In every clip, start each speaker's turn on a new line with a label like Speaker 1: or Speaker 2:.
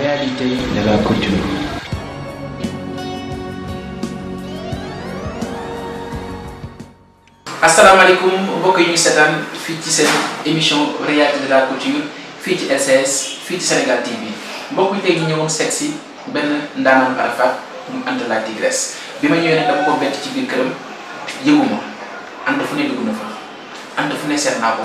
Speaker 1: réalité de la couture. asalaamaaleykum mbokk yi ñu seetaan fii ci seen émission réalité de la fii ci LCS fii ci Sénégal TV mbokk yi tey ñu ñëwoon seet si benn ndaanaan Arafat mu ànd la tigresse bi ma ñëwee nag dama ko bett ci biir këram yëguma ànd fu ne dugg na fa ànd fu ne seet naa ko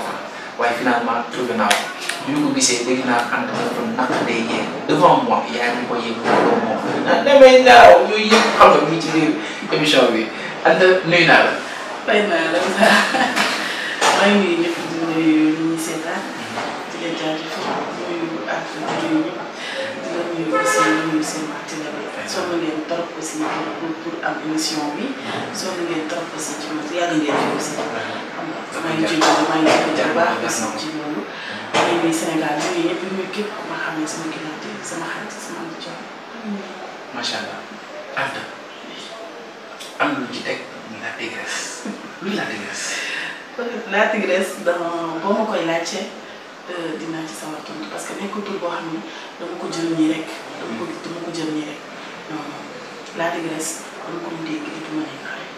Speaker 1: waaye finalement trouvé naa ko bi ñu ko gisee dégg naa entraîneur naka day yee devant moi yaay mi ko yëg ko moom ah damay naaw yooyu yëpp xam nga mi ci biir émission bi Anta nuyu naa la. fay naa la maa ngi nuyu
Speaker 2: ñëpp di nuyu ñu seetaan di leen jaajëfal nuyu ak di nuyu ñëpp di la nuyu aussi nuyu seen partenaire sonn ngeen trop aussi pour pour am émission bi sonn trop aussi ci man yàlla ngeen aussi xam nga maa ngi jégalu maa ngi jégalu baax aussi ci loolu ay nuyu Sénégal yooyu yëpp ñu képp ku ma xam ne sama client sama xarit
Speaker 3: sama am ci macha allah Anta am na lu ci teg
Speaker 2: muy la tigresse luy la tigresse la tigresse dans boo ma koy laajte euh, dinaa ci sawar tontu parce que nekkul tur boo xam ne dama ko jël nii rek dama ko dama ko jël nii rek non non la tigresse dama ko mu dégg di ma nekk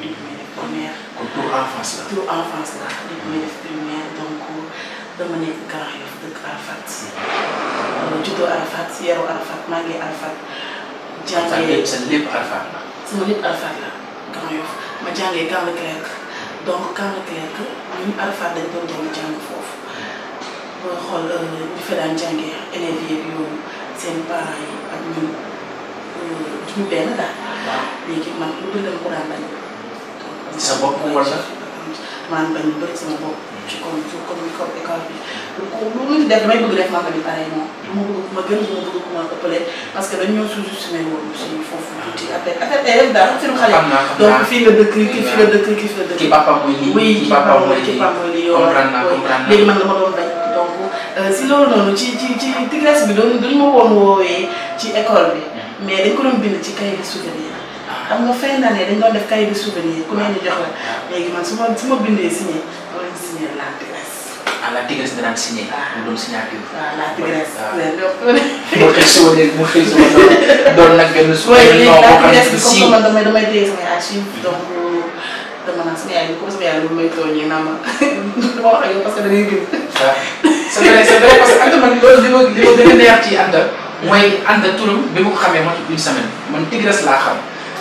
Speaker 2: nit may def primaire. kon tout enfance la. tout enfance la nit primaire donc dama nekk Grand Yoff dëkk Arafat. Mhm. Euh, juddoo Arafat yaru Arafat màggee Arafat. jàngee sa lépp Arafat la. sama lépp Arafat la Grand Yoff ma jàngee Camp Leclerc donc Camp Leclerc ñun Arafat dañ doon dem jàng foofu. booy xool euh, ñu fa daan jàngee élèves yeeg yooyu seen parents yi ak ñun euh, duñu benn man lu dul ko daan bañ
Speaker 1: ci sa bopp wala.
Speaker 2: maa ngi bañ a bëri sama bopp. ci comme ci comme ni ko école bi. ko lu muy def que dañ ñoo sous-estimé woon suñu foofu tuuti affaire affaire élève daal suñu xale. donc fii
Speaker 1: la dëkk kii fii la dëkk kii fii
Speaker 2: la ci bi doon dañ ma woon woowee ci école bi mm-hmm. mais dañ ko doon bind ci kayit souvenir xam nga fin d'année dañ doon def cahier de souvenir ku ne ñu la léegi man su ma su ma bindee signé ma leen
Speaker 1: la tigresse. ah la tigresse danaan signé. waaw ah. mu doon signature. waaw ah, la tigresse. waaw ah. xëy si woon mu xëy si woon doon nag man
Speaker 2: damay damay téye samay mm-hmm. bi comme sama yaay bi may tooñee naa ma dama da ngay gën.
Speaker 1: c' est vrai c' est parce que Anta man ma li ma a neex ci Anta mm-hmm. mooy Anta turam bi ma ko xamee matu xam.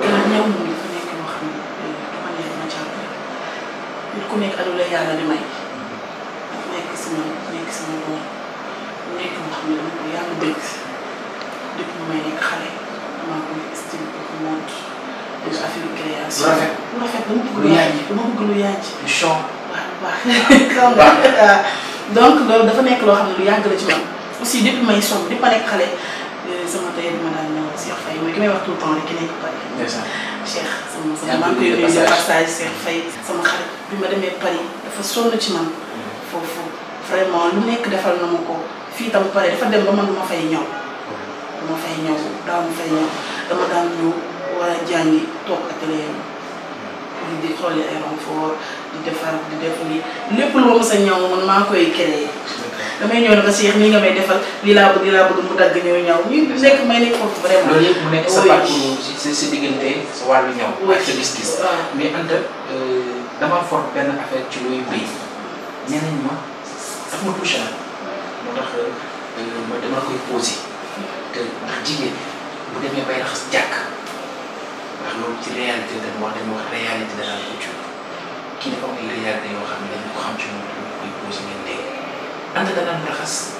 Speaker 1: ndax ñëw mu ngi nekk moo xam
Speaker 2: ne eh, nekk dafa nekk loo xam ne lu yàgg la ci man aussi may somb di ma nekk xale. sama tey bi ma daan ñëw Cheikh Faye mooy ki may wax tout le temps rek ki nekk Paris. ndeysaan Cheikh sama sama maa ngi koy nuyu de bi ma demee Paris dafa sonn ci man foofu vraiment lu nekk defal ma ko fii tam dafa dem ba man ma fay ñëw. ma fay ñëw daaw ma fay dama daan ñëw war a jàngi toog atelier yi di di defar di def lii lépp lu ma mos maa koy créé. damay ñëw na nga Cheikh nii nga may defal lii laa bëgg lii laa bëgg mu dagg ñëw ñaw ñu
Speaker 1: nekk may nekk foofu vraiment loolu mu nekk sa parcours si diggante sa wàllu ñaw ak sa gis euh, dama for benn affaire ci looy béy nee ma daf ma touché moo tax euh, ma dama koy posé te ndax jigéen bu demee jàkk ndax ci réalité dañ wax yoo xam ne dañ ko xam ci moom dañ koy posé ngeen dégg anta da daan raxas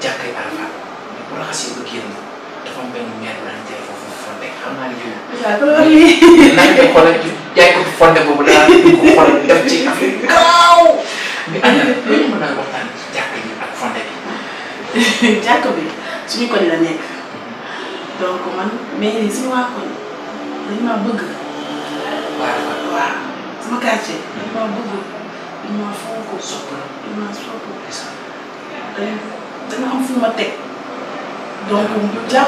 Speaker 1: jàkkay Arafat mais bu raxas yi ba génn dafa am benn meer bu daan jaay foofu fonde xam
Speaker 3: naa ne jiw. waaw loolu lii. nañ ko xoolal
Speaker 1: jaay ko fonde boobu daal di ko xool def ci affaire bi gaaw. mais ana loolu mën naa waxtaan ci jàkk yi ak fonde
Speaker 2: bi. jàkk bi suñu koñ la nekk donc man mais suñu waa koñ dañ maa bëgg. waaw waaw sama quartier dañ maa bëgg. damaa fonk soxla ma teg la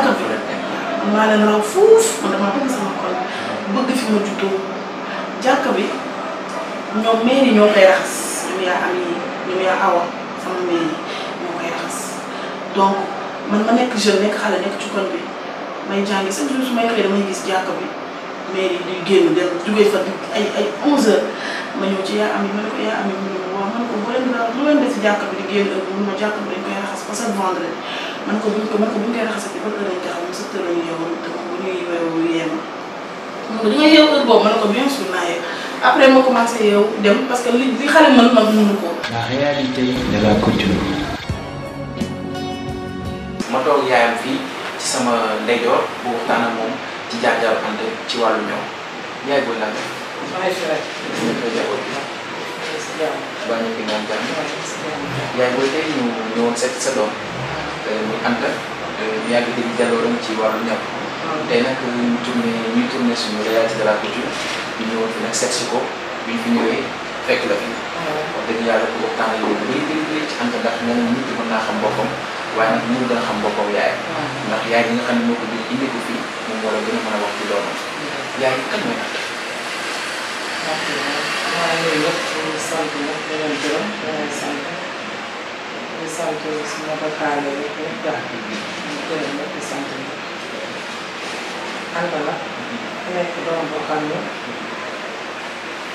Speaker 2: maa leen bëgg sama xol bëgg fi ma juddoo jàkka bi ñoom mairie ñoo koy raxas ñoom yaa am ñoom yaa awa sama mairie ñoo koy raxas donc man ma nekk jeune nekk xale nekk ci koñ bi may jàngi chaque jour su may xëy damay gis jàkka bi mairie di génn dem jugee fa ay ay 11 ma ñëw ci ya, ami ma ko yaa ami mu ne ma ko lu bi di génn ak mu ma jàkk bi koy raxas parce que vendredi ma ko buñ ko ma ne ko buñ koy raxasati ba heure lañ taxaw mu sëtt lañu yeewul te bu ñuy yeewu yeema ma ne ko di nga ko bien sûr après ma commencé dem parce que li li xale ko.
Speaker 1: la réalité de la culture. ma toog yaayam fii ci sama ndeyjoor bu waxtaan ak ci jaar-jaar ànd ci yaay Maestra. ba ñu fi moom jàmm. yaay booy tey ñu ñëwoon seet sa doom. Euh, muy Anta. ñu euh, yàgg di jàlloon ci wàllu ñam. tey ñu tourné fi nag seet si ko. bi ñu fi ñëwee fekk la fi. wax dëgg yàlla pour waxtaan ak yow ci Anta ndax nee na nit mën naa xam boppam. waaye nag ñu gën a xam boppam yaay. ndax yaay bi xam ne moo ko gën indi ko fii moom moo la gën a mën a wax ci doomam. yaay kan mooy maa
Speaker 4: ngi nuyu ñëpp di sant ñëpp di leen gërëm di leen sant di sant suma bokkaale yëpp yëpp daal di gërëm ñëpp di sant ñëpp. Anta la nekk doom boo xam ne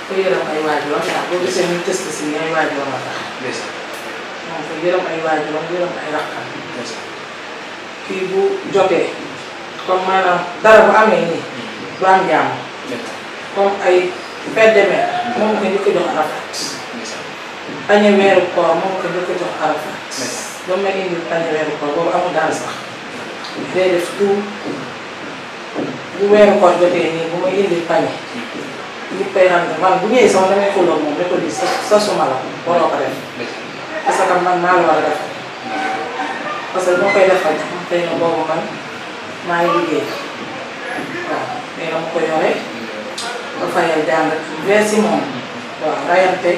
Speaker 4: ku yërëm ay waajuram ndax boo gisee ñu test si ay waajuram a tax. moom ku yërëm ay waajuram yërëm ay rakkam. kii bu jotee comme maanaam dara bu amee nii du am jàmm comme ay. fête des mères moom ko njëkk jox Arafat. pañe weeru koor moom ko njëkk jox Arafat. ba mu mel ni pañe weeru koor boobu amul daal sax. day def tout bu weeru koor jotee nii bu ma indi pañe. ñu koy ràññee man bu ñëwee sama damay xuloo moom ne ko di sa suma la waroo ko def. parce que man maa la war a def parce que moo koy defal xëy na boobu man maa ngi liggéey waaw mais dama ko yore. dafa yay jàng vee si moom waaw rayante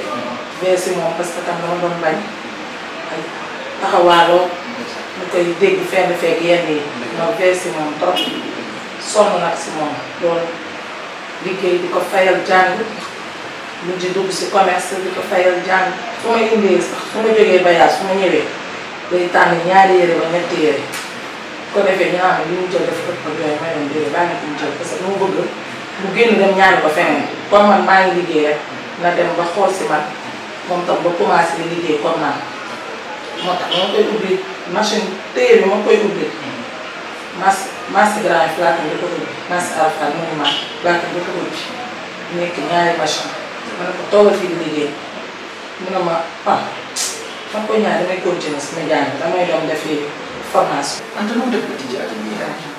Speaker 4: vee si moom parce que tam dama doon bañ ay taxawaaloo ñu koy dégg fenn feeg si moom trop sonn nag si moom loolu liggéey ko fayal jàng mu di dugg si commerce di ko fayal jàng su ma indee sax su ma jógee voyage su ma ñëwee day tànn ñaari yére ba ñetti yére ko defee ñu naan li mu jël dafa ëpp ak yooyu mayoon yére baa nga ko mu jël parce que lu mu bu génn dem ñaan ko feneen comme man maa ngi liggéey rek na dem ba xool si man moom tam ba commencé di liggéey comme man moo tax ma koy ubbi machine téye bi ma koy ubbi mas mas grand yi platon di ko ubbi mas alpha monument platon di ko ubbi nekk ñaari machine ma ne ko toogal fii di liggéey mu ne ma ah fan ko ñaar damay continuer sama jàng
Speaker 1: damay doon defee formation. Anta moom def ko ci jaay.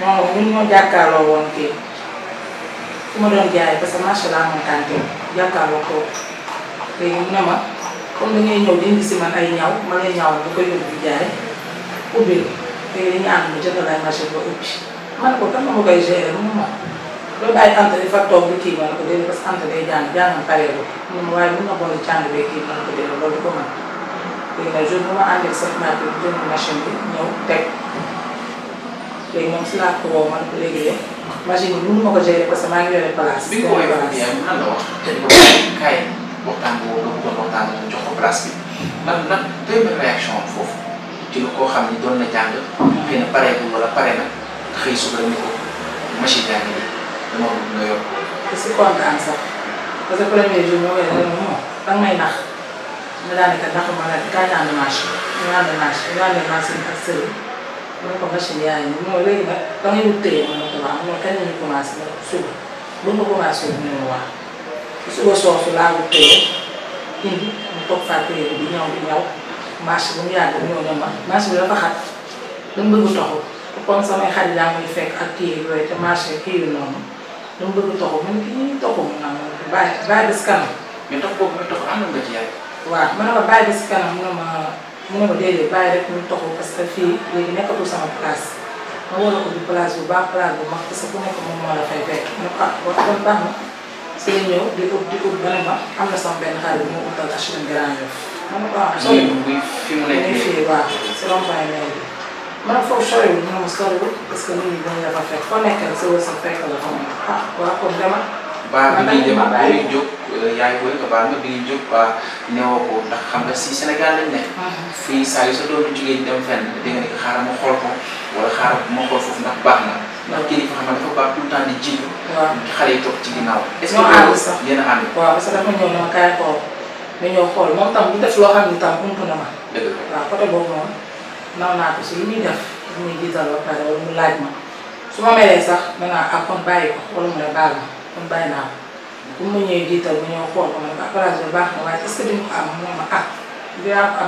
Speaker 4: moom ñun ñoo jàkkaarloo woon fii fu ma doon jaay parce que macha allah moom tànte jàkkaarloo ko léegi mu ne ma comme da ngay ñëw di indi si man ay ñaw ma lay ñaw bu koy yóbbu di jaay ubbi léegi dañuy ànd mu jënd laay machine ba ubbi man ko kan ma koy gérer mu ma loolu bàyyi ant di fa toog bi kii ma ne ko déedéet parce que ant day jàng jàngam pareelu mu ne ma waaye mun na boole jàng bee kii ma ne ko déedéet loolu ko mën léegi nag jour bu ma àndee sa machine bi ñëw teg léegi moom si laa ko woo man ko léegi de machine bi mënu ma ko gérer parce que maa ngi yore
Speaker 1: place. bi nga ko woowee wax dëgg la wax tey boo kaay waxtaan boo ko bëggoon waxtaan nga jox ko place bi lan lan tey benn réaction am foofu ci lu koo xam ni doon na jàng. xëy na pareegul wala pare na xëy suba ni ko machine yaa ngi nii ko nga yor. te si kontaan sax
Speaker 4: parce que premier jour moo koy def moom danga may nax ma daanaka naxu ma la kaay naa ne marché ñu naan ne marché ñu naan ne marché ak มันก็ไม่ใช่เ่นียันไม่เลยนะต้องยุติมันตัวมันก็มีความสุาสุดรู้มั้ยความสุขเนี่ยว่าสุขสุขสุขลาวุติอินมันตกฟ้าไปดีงามดีงามมาสุขมีอะไรก็มีอะไรมามาสิขแล้วก็ขัดนุ่มบดูตัวก็ปองสมัยขัดยังมีเฟกอัตีด้วยแต่มาสิขคือนอนนุ่มบดูตัวมันก็ยิ่งตกมันบ่ายบ่ายดิสกันมันตกปุ๊บมันตกอันนั้นก็เจียว่ามันก็บ่ายดิสกันมันก็มา mu ne ma déedéet bàyyi rek ñu toxu parce que fii léegi nekkatul sama place ma woo la di place bu baax place bu mag parce que ku nekk moom moo la fay fekk mu ah ba kon baax na see ñëw di ut di ut ba ne ma am na sama benn xarit mu utal HLM Grand Yoff. ma ne ko ah sori fi mu fii waaw si rond-point mairie bi ma ne foofu soriwul mu ne ma soriwul parce que nit ñi dañ la fa fekk foo nekk rek
Speaker 1: sa ba bi ñuy dem ba ñuy jóg yaa ngi koy nga baal ma bi ñuy jóg ba newoo ko ndax xam nga si Sénégal lañ ne mm-hmm. fii saa yu sa doon jugee ñu dem fenn da nga ne xaaral ma xool ko wala xaaral ma xool foofu ndax baax na ndax kilifa xam nga dafa baax tout le temps di jiitu xale yi toog ci ginnaaw est-ce que ànd sax yéen a ànd waaw parce que dafa ñëw na
Speaker 4: kaay xool ma ñëw xool moom tam bu def loo xam ne tam ump na ma dëgg la waaw côté boobu moom naw naa ko si lu muy def muy jiital ba pare wala mu laaj ma su ma melee sax danaa ak ah, kon bàyyi ko wala mu ne baal ma kon bàyyi naa ko bu ma ñëwee jiital bu ñëw xool ko man ko appareil bi baax na waaye est ce am moom ma ah,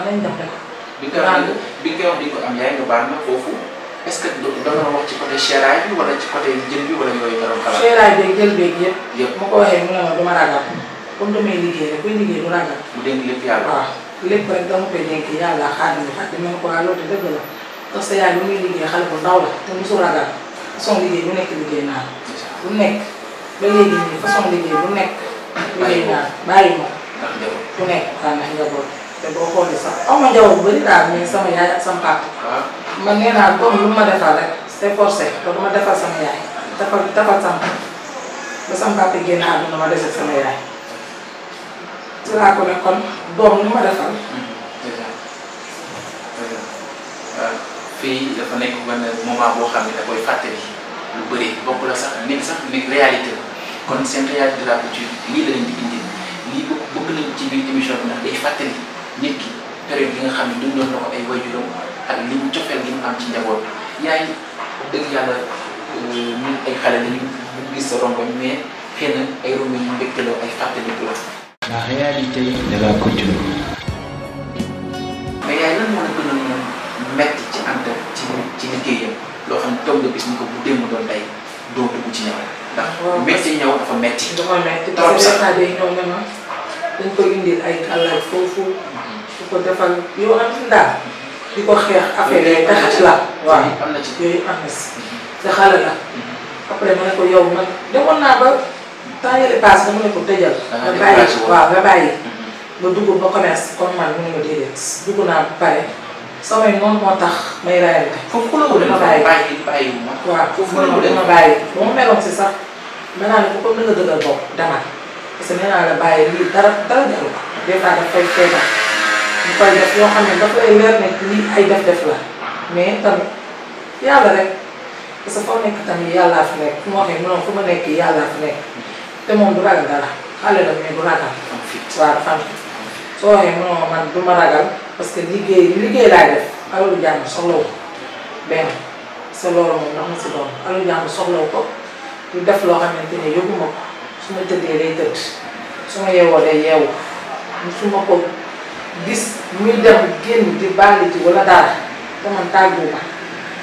Speaker 4: nañ dem
Speaker 1: bi nga wax bi nga wax am yaay nga baal na que ci côté séeraay bi ci côté jël bi wala yooyu nga doon xalaat. mu
Speaker 4: ne ma dama liggéey rek kuy liggéey du ragal. mu dénk lépp liggéey xale bu ndaw la te liggéey bu nekk liggéey naa bu nekk ba léegi nii façon liggéey bu nekk. liggéey naa bàyyi ma. ndax njaboot bu nekk waaw ndax njaboot te boo xoolee sax aw ma njaboot bu bëri daal mais sama yaay ak sama papa. Ah. man nee naa comme lu ma defal rek c'est forcé te du ma defal sama yaay. defal defal sama ba sama papa génn àdduna ma dese sama yaay. ci laa ko ne kon doom lu ma defal.
Speaker 1: Hmm, ah, fii dafa nekk benn moment boo xam ne da koy fàttali lu bëri bokk la sax nit sax nit réalité la. kon seen de la culture lii la leen di indil lii bëgg fàttali nit ki période yi nga xam ne dundoon na ko ay wajuram ak li mu cofeel gi mu ci njaboot yaay dëgg yàlla euh, ñun ay xale lañu ñu gis sa mais xëy na ay rongoñ ñu mbégteloo ay fàttaliku la. la réalité de la culture. mais a metti ci ànd ci ci liggéeyam loo xam ne toog nga gis ni ko bu démb doon tey doo dugg ci ñëw. ndax métti ñëw dafa métti. dafa métti trop sax
Speaker 4: ñëw ne ma dañ ko indil ay àllay foofu. su mm-hmm. ko defal yow am ndax di ko xeex affaire yi tax la. waaw am na ci yooyu am na si. te mm-hmm. xale la.
Speaker 3: Mm-hmm.
Speaker 4: après ma ne ko yow man demoon naa ba temps yële paase dama ne ko tëjal. Ah, nga bàyyi waaw nga bàyyi. nga dugg ba commerce comme man mënu ma déedéet dugg naa ba pare. so noonu moo tax may raay la. foofu ku la wut dama bàyyi bàyyi bàyyi wu ma. waaw foofu ku la wut dama si sax nee naa la ko comme ni nga dama parce que nee naa la bàyyi lii dara dara jarul ko. des fois daf koy feebar ñu koy def yoo xam ne daf lay leer ne lii ay def-def la mais yàlla rek parce fu ma waxee noonu fu ma nekk yàllaa fi nekk te moom du ragal dara xale la mais du ragal. am fit waaw am fit soo waxee noonu ma ragal. parce que liggéey liggéey laay def alalu jàmm soxlawu ko benn sa loolu moom ndax ma si doon alalu jàmm soxlawu ko ñu def loo xamante ne yóbbu ma ko su ma tëddee day tëdd su ma yeewoo day yeewu su ma ko gis muy dem génn di baali ci wala daal te man tàggu ma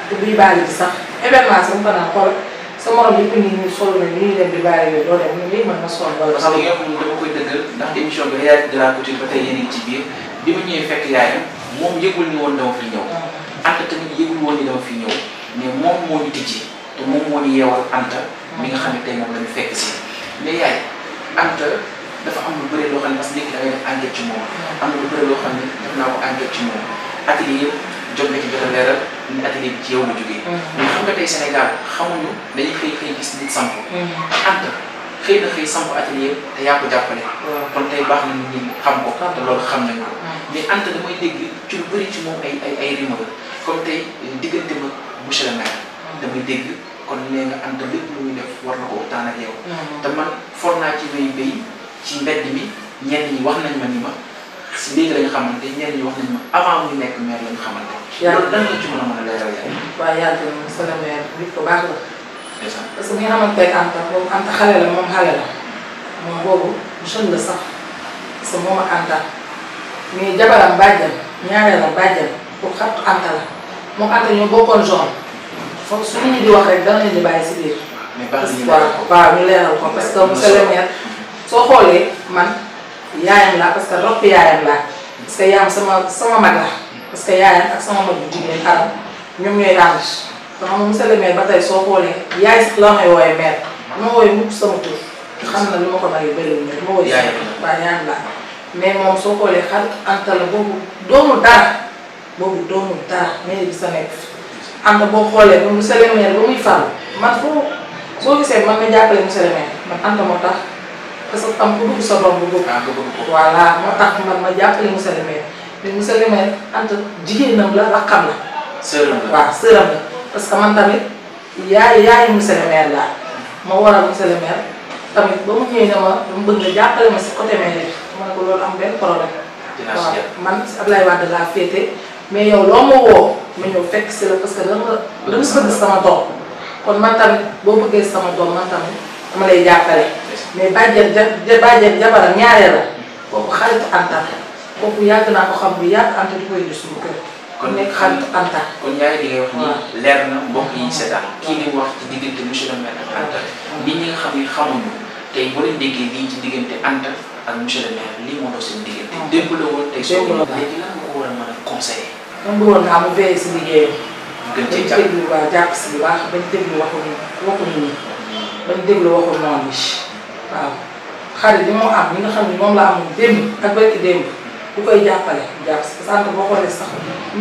Speaker 4: te buy baali ci sax événement sax mu ko naan xool sa morom yëpp nii ñu solo na ñu dem di baali yooyu doo dem ñu lii mën na sol wala. parce que yow
Speaker 1: dama koy dëggal ndax émission bi réalité de la couture ba tey yéen a ngi ci biir. bi ma ñëwee fekk yaayam moom woon dama fi ñëw Anta tamit yëgul fi ñëw mais moom moo ñu tijji te moo ñu yeewal Anta mi nga xam ne tey moom la fekk si mais yaay Anta am lu bëri loo xam ne parce que léegi da na lu bëri loo xam ne def naa ko enquête ci moom atelier jot na ci a ci yow la jógee mm-hmm. mais nga tey Sénégal xamuñu dañuy xëy xëy gis nit samp mm-hmm. Anta xëy na xëy samp atelier te yaa ko jàppale. kon tey baax na nit xam ko te loolu xam nañ ko. Hmm. mais Anta damay dégg ci lu ci moom ay ay ay diggante ma monsieur le maire. Hmm. damay dégg kon nee nga Anta lu muy def ko waxtaan ak yow. Hmm. te naa ci wéy béy ci mbedd mi ñenn ñi wax nañ ni ma si léegi lañu xamante ñenn ñi wax nañ ma avant muy nekk maire lañu xamante. yaa ngi la ci mën a mën a leeral yaay.
Speaker 4: waaw yaa ngi ko maire bi ko baax la. parce que bu ñu xamanteeg Anta boobu Anta xale la moom xale la moom boobu jeune la sax parce que moom ak Anta mais jabaram bàjjal ñaareelam bàjjal boobu xaritu Anta la moom Anta ñoom bokkoon zone foofu su nit di wax rek dana leen di bàyyi si biir. waaw waaw ñu leeral ko parce que monsieur le maire soo xoolee man yaayam laa parce que rokk yaayam laa parce que yaayam sama sama mag la parce que yaayam ak sama mag bu jigéen aram ñoom ñooy ànd. donc monsieur le maire ba tey soo xoolee yaay sax la may woowee maire ma woowee mukk sama tur xam na lu ma ko bàyyi bëriwul ya ma woowee. yaay waaw ñaan laa mais moom soo xoolee xar Anta la boobu doomu dara boobu doomu dara mairie bi sa nekk am na boo xoolee ba monsieur le maire ba muy fàll man foo soo gisee man nga jàppale monsieur le maire man Anta moo tax parce que am ku dugg sa doom bu bëgg. ah bëgg ko voilà moo tax man ma jàppale monsieur mu maire mais monsieur le maire Anta jigéenam la rakkam la. sëram la waaw sëram la. parce que man tamit yaay yaayu monsieur le laa ma waral monsieur le maire tamit ba mu ñëwee ne ma dama bëgg nga jàppale ma si côté mairie bi ma ne ko loolu am benn problème. dinaa si waaw man Ablaye laa féete mais yow loo ma woo ma ñëw fekk si la parce que da nga da sama doom kon man tamit boo bëggee sama doom man tamit dama lay jàppale. mais bàjjen ja bàjjen jabaram ñaareel la kooku xaritu Anta kooku yàgg naa ko xam bu yàgg Anta di koy gis suñu kër. kon nekk xarit
Speaker 1: Anta. kon yaay di leer na mbokk yi seetaan kii di wax ci diggante monsieur le maire ak Anta. nit ñi nga xam ne xamuñu tey boo leen déggee lii ci diggante Anta ak monsieur le maire lii moo doon seen diggante. démb la woon tey soo ko léegi lan nga a mën mu veillé si liggéeyam. gën cee jàpp
Speaker 4: bañ déglu waa jàpp si bu baax bañ déglu waxuñu waxuñu nii. wax déglu waxu noonu bi waaw xarit bi moo am ñi nga xam ne ku koy jàppale jàpp sànq boo xoolee sax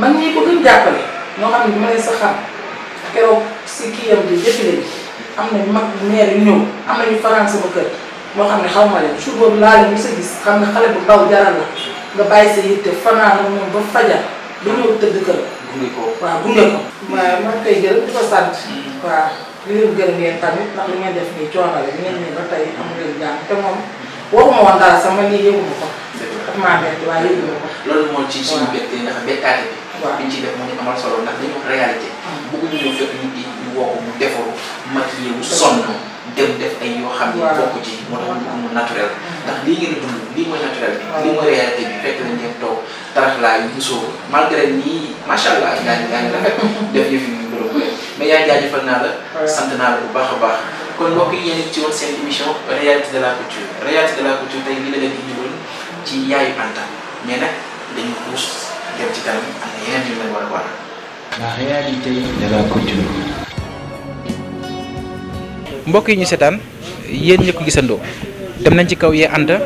Speaker 4: man ñi ko gën jàppale ñoo xam ne bu ma nee sax xam keroog si kii yam di défilé bi am na mag maire yu ñëw am nañu faran sama kër moo xam ne xaw ma leen jour boobu laa leen mos a gis xam ne xale bu ndaw jaral la nga bàyyi sa yitte fanaan ak moom ba fajar ba ñëw tëdd kër.
Speaker 1: gunge ko waaw gunge ko.
Speaker 4: waaw man koy jël di ko sant. Mm-hmm. waaw di leen gërëm yéen tamit ndax li ngeen def nii coono la li ngeen ne ba tey am ngeen jàng te moom waxuma woon dara sama nii yëngu ma ko. daf maa bett waaye yëguloo
Speaker 1: ko. loolu moo ci suñu bette ndax bettaate bi. waaw li ñu ciy def moo ñu amal solo ndax dañu wax réalité. Ah. bëgg ñu ñëw fekk ñu di ñu woo mu defaru maquillé wu sonn dem def ay yoo xam ne bokk ci moo tax ñu mu naturel mm. ndax lii ngeen di dund lii mooy naturel bi lii mooy réalité bi fekk nañ leen toog tarax laa yu musoo malgré nii macha allah yaa ngi yaa ngi rafet def yëf yu borom mais yaa jaajëfal naa la sant naa la bu baax a baax kon mbokk yi yéen ci woon seen émission réalité de la couture réalité de la couture tey lii la leen indiwoon ci mbokk yi ñu seetaan yéen ñi ko gisandoo dem nañ ci kaw yee Anta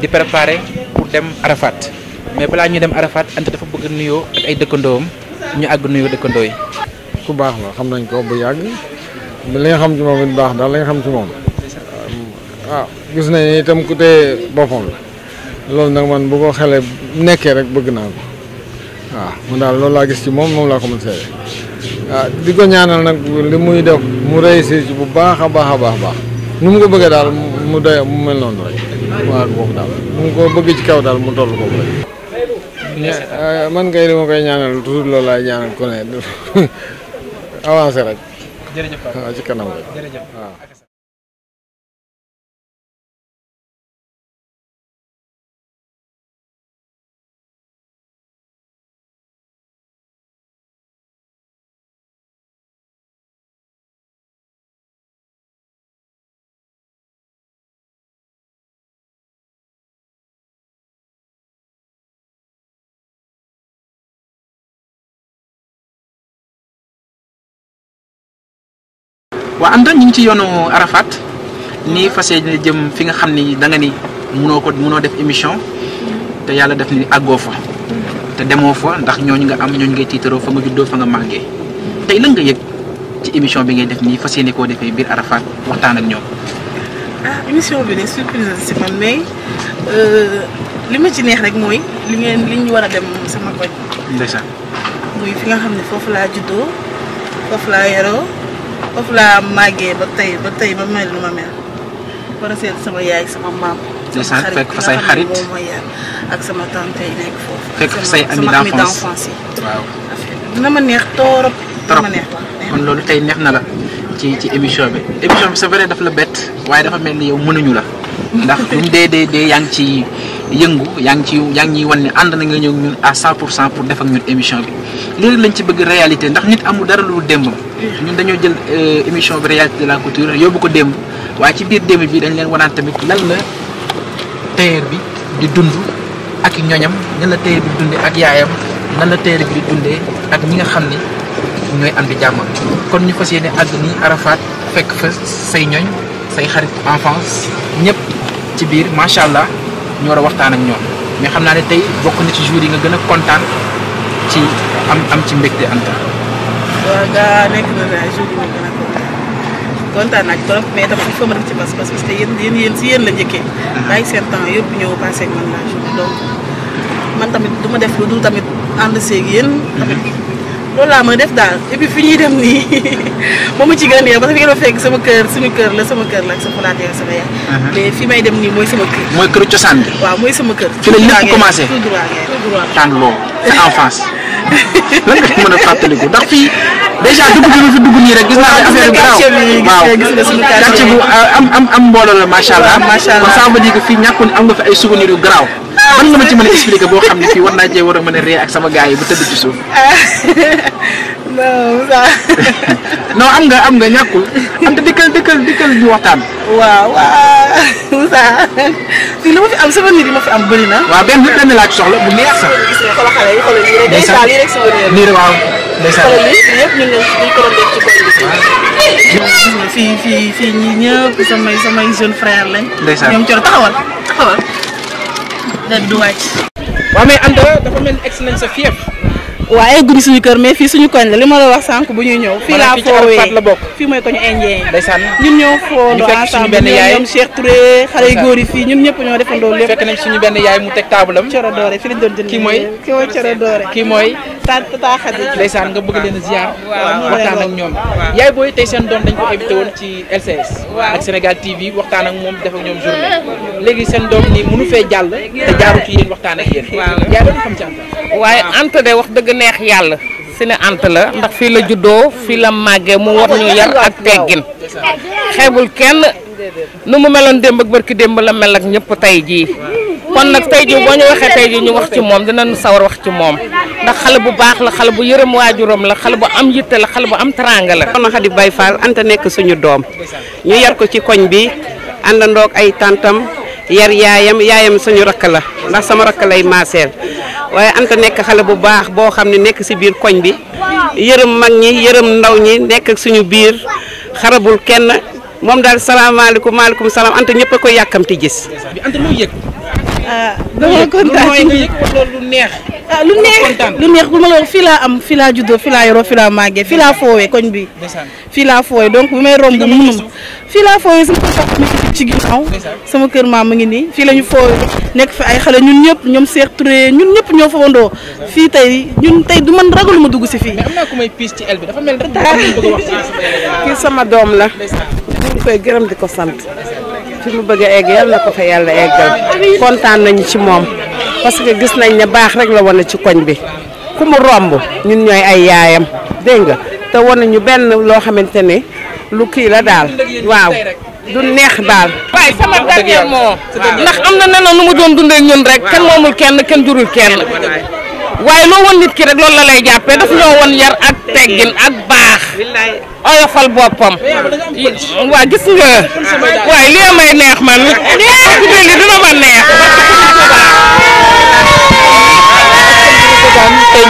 Speaker 1: di préparer pour dem Arafat mais balaa ñu dem Arafat Anta dafa bëgg nuyoo ak ay dëkkandoom ñu àgg nuyoo dëkkandoo yi. ku baax la xam nañ ko bu yàgg li xam ci moom it baax daal li xam ci moom. waaw ah, gis nañ itam ku tee boppam la. loolu nag man bu ko xale nekkee rek bëgg naa ko waaw man daal loolu laa gis ci moom moom laa ko mën seede ah di ko ñaanal nag li muy def mu réussir ci bu baax a baax a baax baax nu mu ko bëggee daal mu doy mu mel noonu rek waaw boobu daal nu mu ko bëggee ci kaw daal mu toll ko rek. Euh, man kay li ma koy ñaanal toujours loolu laay ñaanal ku ne avancé rek. jërëjëf waaw ci kanam rek waa Anta ñu ngi ci yoonu Arafat nii fas yéene jëm fi nga xam ni da nga ni munoo ko munoo def émission te yàlla def ni àggoo fa te demoo fa ndax ñooñu nga am ñooñu ngay tiitaroo fa nga juddoo fa nga màggee tey lan nga yëg ci émission bi ngay def nii fas yéene koo biir Arafat waxtaan ak ñoom.
Speaker 3: Ah,
Speaker 2: bi ne mais euh, li ma ci neex rek mooy li ngeen li war a dem sama koñ. laa juddoo foofu laa magge ba tey ba tey ba mel lu ma mel war sama yaay sama maam.
Speaker 3: ndeysaan fekk fa say xarit
Speaker 2: ak sama tante
Speaker 3: fekk fa say ami d'enfance
Speaker 2: yi. waaw
Speaker 1: dina ma neex torop. torop ma neex kon loolu tey neex na la ci ci émission bi. émission bi c'est vrai daf la bett waaye dafa mel ni yow mënuñu la. ndax lu dee dee dee yaa ngi ci yëngu yaa ngi ci yaa ngi ñuy wan ne ànd na nga ñëw ñun à 100 pour cent pour def ak émission bi. loolu lañ ci bëgg réalité ndax nit amul dara lu démb mm. ñun dañoo jël euh, émission bi réalité de la couture yóbbu ko démb waaye ci biir démb bi dañ leen wanaan tamit lan la tailleur bi di dund ak ñooñam nan la tailleur bi di dundee ak yaayam nan la tailleur bi di dundee ñi nga xam ne ñooy am di jàmm kon ñu fas yéene àgg nii Arafat fekk fa say ñoñ say xarit enfance ñëpp ci biir macha allah ñu war a waxtaan ak ñoom mais xam naa ne tey bokk na ci jour yi nga gën a kontaan. ci am am ci mbégte Anta. waaw gaa
Speaker 2: nekk na daal jour bi nekk na ko kontaan mais def ci pas-pas parce que yéen yéen yéen si yéen la njëkkee. bàyyi seen temps yëpp ñëw passé man la jour donc man tamit du def lu dul tamit ànd seeg yéen. tamit mhm. loolu ma def daal et puis fi dem nii moom ci gën parce que fi fekk sama kër suñu kër la sama kër la ya. ak sa sama mais fi may dem sama sama fi
Speaker 1: la commencé tout droit tout droit sa enfance. lan fi mën a fàttaliku ndax fii dèjà dugg bi fi dugg nii rek gis naa ne affaire bi daaw waaw quartier bu am am am mbooloo la macha allah kon ça veut dire que fii am nga fi ay souvenirs yu garaaw ah, man nga ma ci mën a expliquer boo xam ne fii war naa cee war a mën a ree ak sama gars yi bu tëdd ci suuf
Speaker 3: ah. non ça
Speaker 1: non am nga am nga ñakul am dikal dikal dikal di waxtan. waaw waaw ça Ci lu fi am sama nit ma fi am bari na Wa ben ben ci soxla bu neex
Speaker 2: sax xol xale yi xol yi rek sa li rek souvenir ni waaw ndeysaan xol yi yépp ñu ngi ñu ko def ci koñ fi fi fi ñi ñëpp samay samay jeune frère
Speaker 1: lañ ñom ci taxawal taxawal da du wacc wa mais ande dafa mel excellence fief
Speaker 2: waaw egguñu suñu kër mais fii suñu koñ la li ma la wax sànq bu ñuy ñëw fii laa foowee la bokk
Speaker 1: fii mooy koñu indien ndeysaan ñun ñoo foondoo ensemble ñoom Cheikh Touré xale yu góor yi fii ñun ñëpp ñoo defandoo lépp fekk nañ suñu benn yaay mu teg table am coro doore fii lañ doon jënd kii mooy kii mooy coro doore kii mooy tata Xadi ndeysaan nga bëgg leen a ziar waxtaan ak ak moom def ak ñoom journée léegi seen doom ni mënu fee jàll te jaaru ci yéen waxtaan ak yéen yaay xam ci
Speaker 3: waaye Anta de wax dëgg neex yàlla Sine ant la ndax fii la juddoo fii la màggee mu war ñu yar ak teggin xeebul kenn nu mu meloon démb ak barki démb la mel ak ñëpp tey jii kon nag tey jii boo ñu waxee tey jii ñu wax ci moom dinañu sawar wax ci moom ndax xale bu baax la xale bu yërëm waajuram la xale bu am yitte la xale bu am teraanga la. kon Khady Baye Fall Anta nekk suñu doom ñu yar ko ci koñ bi àndandoog ay tàntam yar yaayam yaayam suñu rakk la ndax sama rakk lay maaseel waaye Anta nekk xale bu baax boo xam ne nekk si biir koñ bi yërëm mag ñi yërëm ndaw
Speaker 2: ñi nekk suñu biir xarabul kenn moom daal salaamaaleykum maaleykum salaam Anta ñëpp
Speaker 1: a koy yàkkamti gis. Anta loo yëg. ah dama kontaan ci
Speaker 2: neex. Ah, lu neex lu neex bu ma la wax fii laa am fii laa juddoo fii laa yoroo fii laa màggee fii laa foowee koñ bi fii laa foowee donc bu may romb munum fii laa foowee sama kër papa mi sama kër maam mu ngi nii fii lañu ñu foowee nekk fi ay xale ñun ñëpp ñoom Cheikh Touré ñun ñëpp ñoo fowandoo fii tey ñun tey du man ragalu ma dugg si fii
Speaker 3: kii sama doom la ñu ngi koy gërëm di ko sant fi mu bëgg a egg yàlla na ko fa yàlla eggal kontaan nañu ci moom parce que gis nañ ne baax rek la wane ci koñ bi ku mu romb ñun ñooy ay yaayam dégg nga te wane ñu benn loo xamante ni lu kii la daal waaw du neex daal. waaye sama dernier mot ndax am na nee na nu mu doon dundee ñun rek. kenn moomul kenn kenn jurul kenn. waaye loo won nit ki rek loolu la lay jàppee daf ñoo won yar ak teggin ak baax oyofal boppam waa gis nga waaye lii may neex man
Speaker 1: ku mel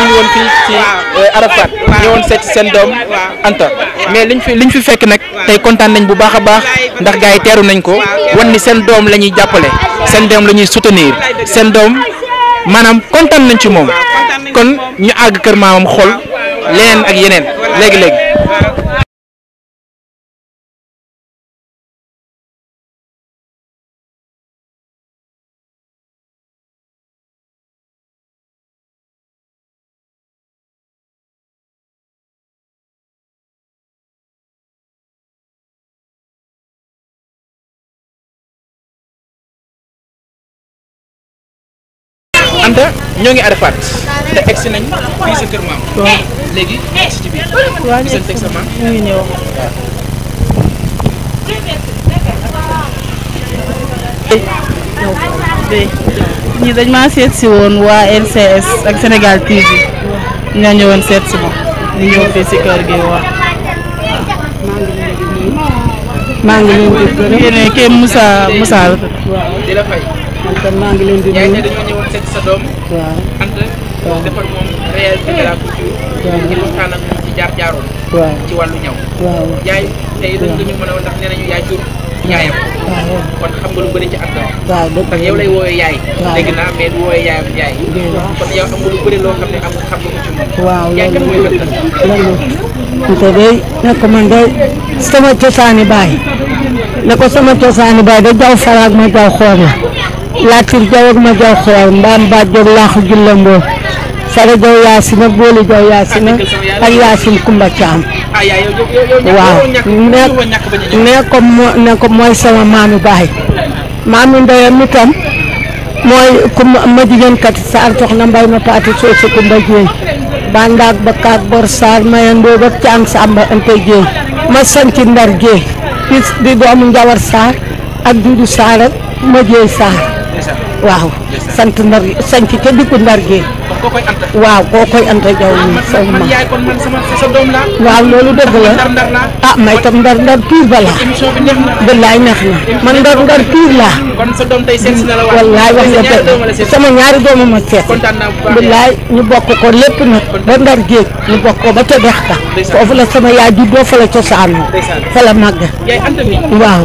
Speaker 1: ni woon fii ci seen doom Anta mais liñ fi liñ fekk nag tey kontaan nañ bu baax a baax ndax gaa yi teeru nañ ko wan ni seen doom lañuy jàppale seen doom la ñuy soutenir seen doom maanaam kontaan nañ
Speaker 3: ci moom kon ñu àgg kër maamam xol leneen ak yeneen léegi léegi. anda ñoo ngi Arafat te exi nañ fi sa kër maam. Eh, légui ci ci bi waaw ñu egsi sa
Speaker 1: maam ñu ngi
Speaker 2: ñi eh, dañ ma seet ci woon wa LCS ak Sénégal TV ñoo ñëwoon set ci ma ñu ñew fi ci kër gi waaw. maa ngi leen di gërëm. kii ne kii musa
Speaker 4: musa la.
Speaker 1: waaw di la fay. man tam maa ngi leen di nuyu. seet sa doom. waaw Anta. waaw def ak moom réalité de la culture. waaw ngir waxtaan ak moom ci jaar jaaroon. waaw ci wàllu ñaw. waaw yaay tey lan nga ñu mën a wax ndax nee nañu yaay jur yaayam. waaw kon
Speaker 3: xam nga lu bëri ci Anta. waaw dëgg ndax yow lay woowee
Speaker 1: yaay. waaw dégg naa mais du woowee yaayam yaay. kon
Speaker 3: yow am nga lu bëri loo xam ne am xam nga ko ci moom. waaw loolu yaay kat mooy bëgg. loolu Anta day nekk man day sama cosaani baay ne ko sama cosaani baay da jaw faraag ma jaw xoor la. latir jaw ak ma jaw xewar mbaam ba jóg laaxu jullambo sara jaw yaasina góoli jaw yaasina ak yaasin kumba caam waaw ne ko mooy sama maami baay maami ndeyam itam mooy kumba ma jigéen kati saar tox na mbay ma paati soosu kumba jeey bandaak ba kaak bor saar maya ndóog ak caam samba ante jeey ma sanci ndar jeey di doomu njawar saar ak duudu saar ma jeey saar waaw sant ndar sañ fi ca diggu ndar gi waaw koo koy Anta Diaw mi sama
Speaker 1: maam waaw loolu dëgg la
Speaker 3: ah may tam ndar ndar piir ba laa billaay neex na man ndar ndar piir laa
Speaker 1: wallaay wax nga dëgg
Speaker 3: sama ñaari dooma ma seet billaay ñu bokk ko lépp na ba ndar géej ñu bokk ko ba ca dex ka foofu la sama yaay juddoo fa la cosaanoo fa la màgg waaw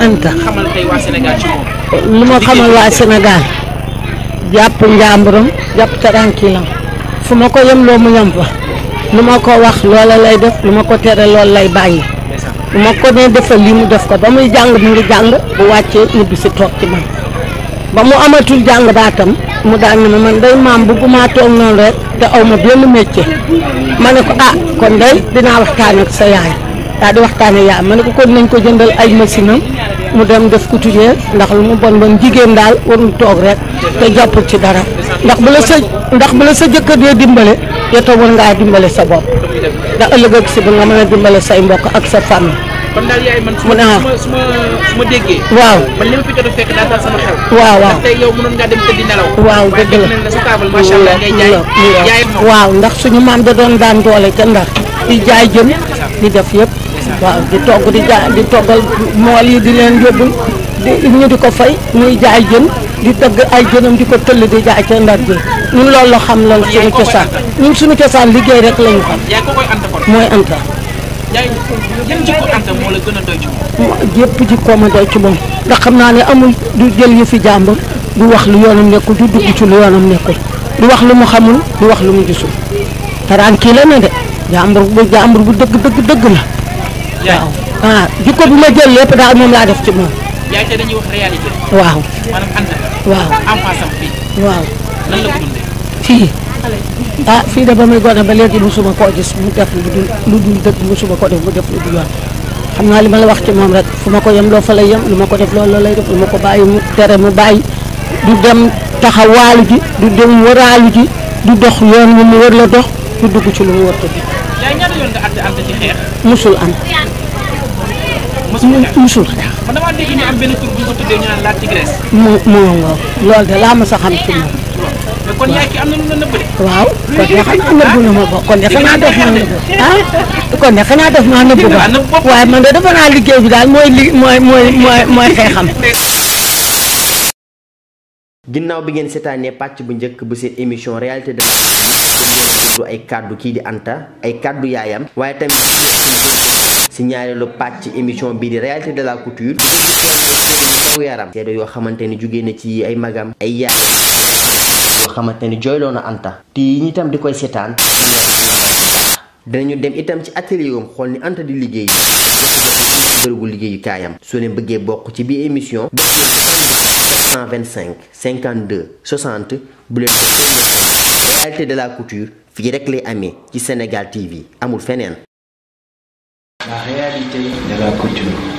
Speaker 3: anta
Speaker 1: xamal tey waa Sénégal ci
Speaker 3: moom. lu ma xamal waa Sénégal jàpp njàmburam jàpp tranquille fu ma ko yem loo mu yem fa lu ma ko wax loola lay def lu ma ko tere loolu lay bàyyi lu ma ko ne defal lii mu def ko ba muy jàng mu ngi jàng bu wàccee ñibbi si toog ci man ba mu amatul jàng baatam mu daan ne ma man day maam bëgguma toog noonu rek te aw ma benn métier ma ne ko ah kon day dinaa waxtaan ak sa yaay. da di waxtane ya, man ne ko kon ko jëndal ay machinam mu dem def couturier ndax lu mu bon bon dal war mu tok rek te jàppul ci dara ndax bu la sa ndax bu la sa jëkke dee dimbalé ya to war nga dimbalé sa bop da ëlëg ak bu nga mëna dimbalé say mbokk ak sa fam
Speaker 1: kon dal yaay man suma suma suma waaw man limu fi jottu fekk sama xel waaw waaw yow dem nelaw waaw la allah ngay jaay waaw
Speaker 3: ndax suñu di jaay waaw di togg di ja di toggal mool yi di leen yóbbul di ñu di ko fay muy jaay jën di togg ay jënam di ko tëll di jaay ca ndar ji ñun loolu la xam loolu suñu cosaan ñun suñu cosaan liggéey rek lañu xam mooy anta yépp jikkoom a doy ci moom ndax xam naa ne amul du jël yëfi jàmbur du wax lu yoonam nekkul du dugg ci lu yoonam nekkul du wax lu mu xamul du wax lu mu gisul taraan kii la ne de jàmbur bu jàmbur bu dëgg dëgg dëgg la Wow, ah jikko bi ma jël lépp daal moom laa def ci moom
Speaker 1: Wow. ca dañuy wax réalité waaw maanaam ànd waaw am faasam fii waaw nan la
Speaker 3: ko dundee fii ah fii de ba muy gone ba léegi musuma koo gis mu def lu dul lu dul dëgg musuma ko def mu def lu dul yoon xam naa li ma la wax ci moom rek fu ma ko yem loo fa lay yem lu ma ko def loolu loo lay def lu ma ko bàyyi mu tere mu bàyyi du dem taxawaalu ji du dem waraalu ji du dox yoon mu war la dox du dugg ci lu mu war a dugg. yoon nga
Speaker 1: àtte àtte ci xeex.
Speaker 3: musul am. parce que mu musul xeex.
Speaker 1: man damaa dégg ñu am benn tur bu ñu ko tuddee ñu naan la tigresse.
Speaker 3: mu mu ngoog loolu de laa mës a xam ci moom.
Speaker 1: mais kon yaay ki am na lu la nëbbale. waaw kon de xanaa nëbbu
Speaker 3: na ma ah? ko kon de xanaa def naa nëbbu ah kon de xanaa def naa nëbbu ko waaye man de dafa naa liggéey bi daal mooy li mooy mooy mooy mooy xeexam. ginnaaw bi ngeen seetaanee pàcc bu njëkk bu seen émission réalité de ay kàddu kii di Anta ay kàddu yaayam waaye tamit ci ñaareelu pàcc émission bii di réalité de la couture daw yaram seede yoo xamante ni jugee ci ay magam ay yaay yoo xamante ni jooyloo na Anta te yi ñi di koy seetaan dinañu dem itam ci atelier am xool ni Anta di liggéey bërëgu liggéeyu kaayam soo leen bëggee bokk ci biir émission 125 52 60 bu leen réalité de la couture fii rek lay amee ci Sénégal TV amul feneen
Speaker 1: La réalité de la couture.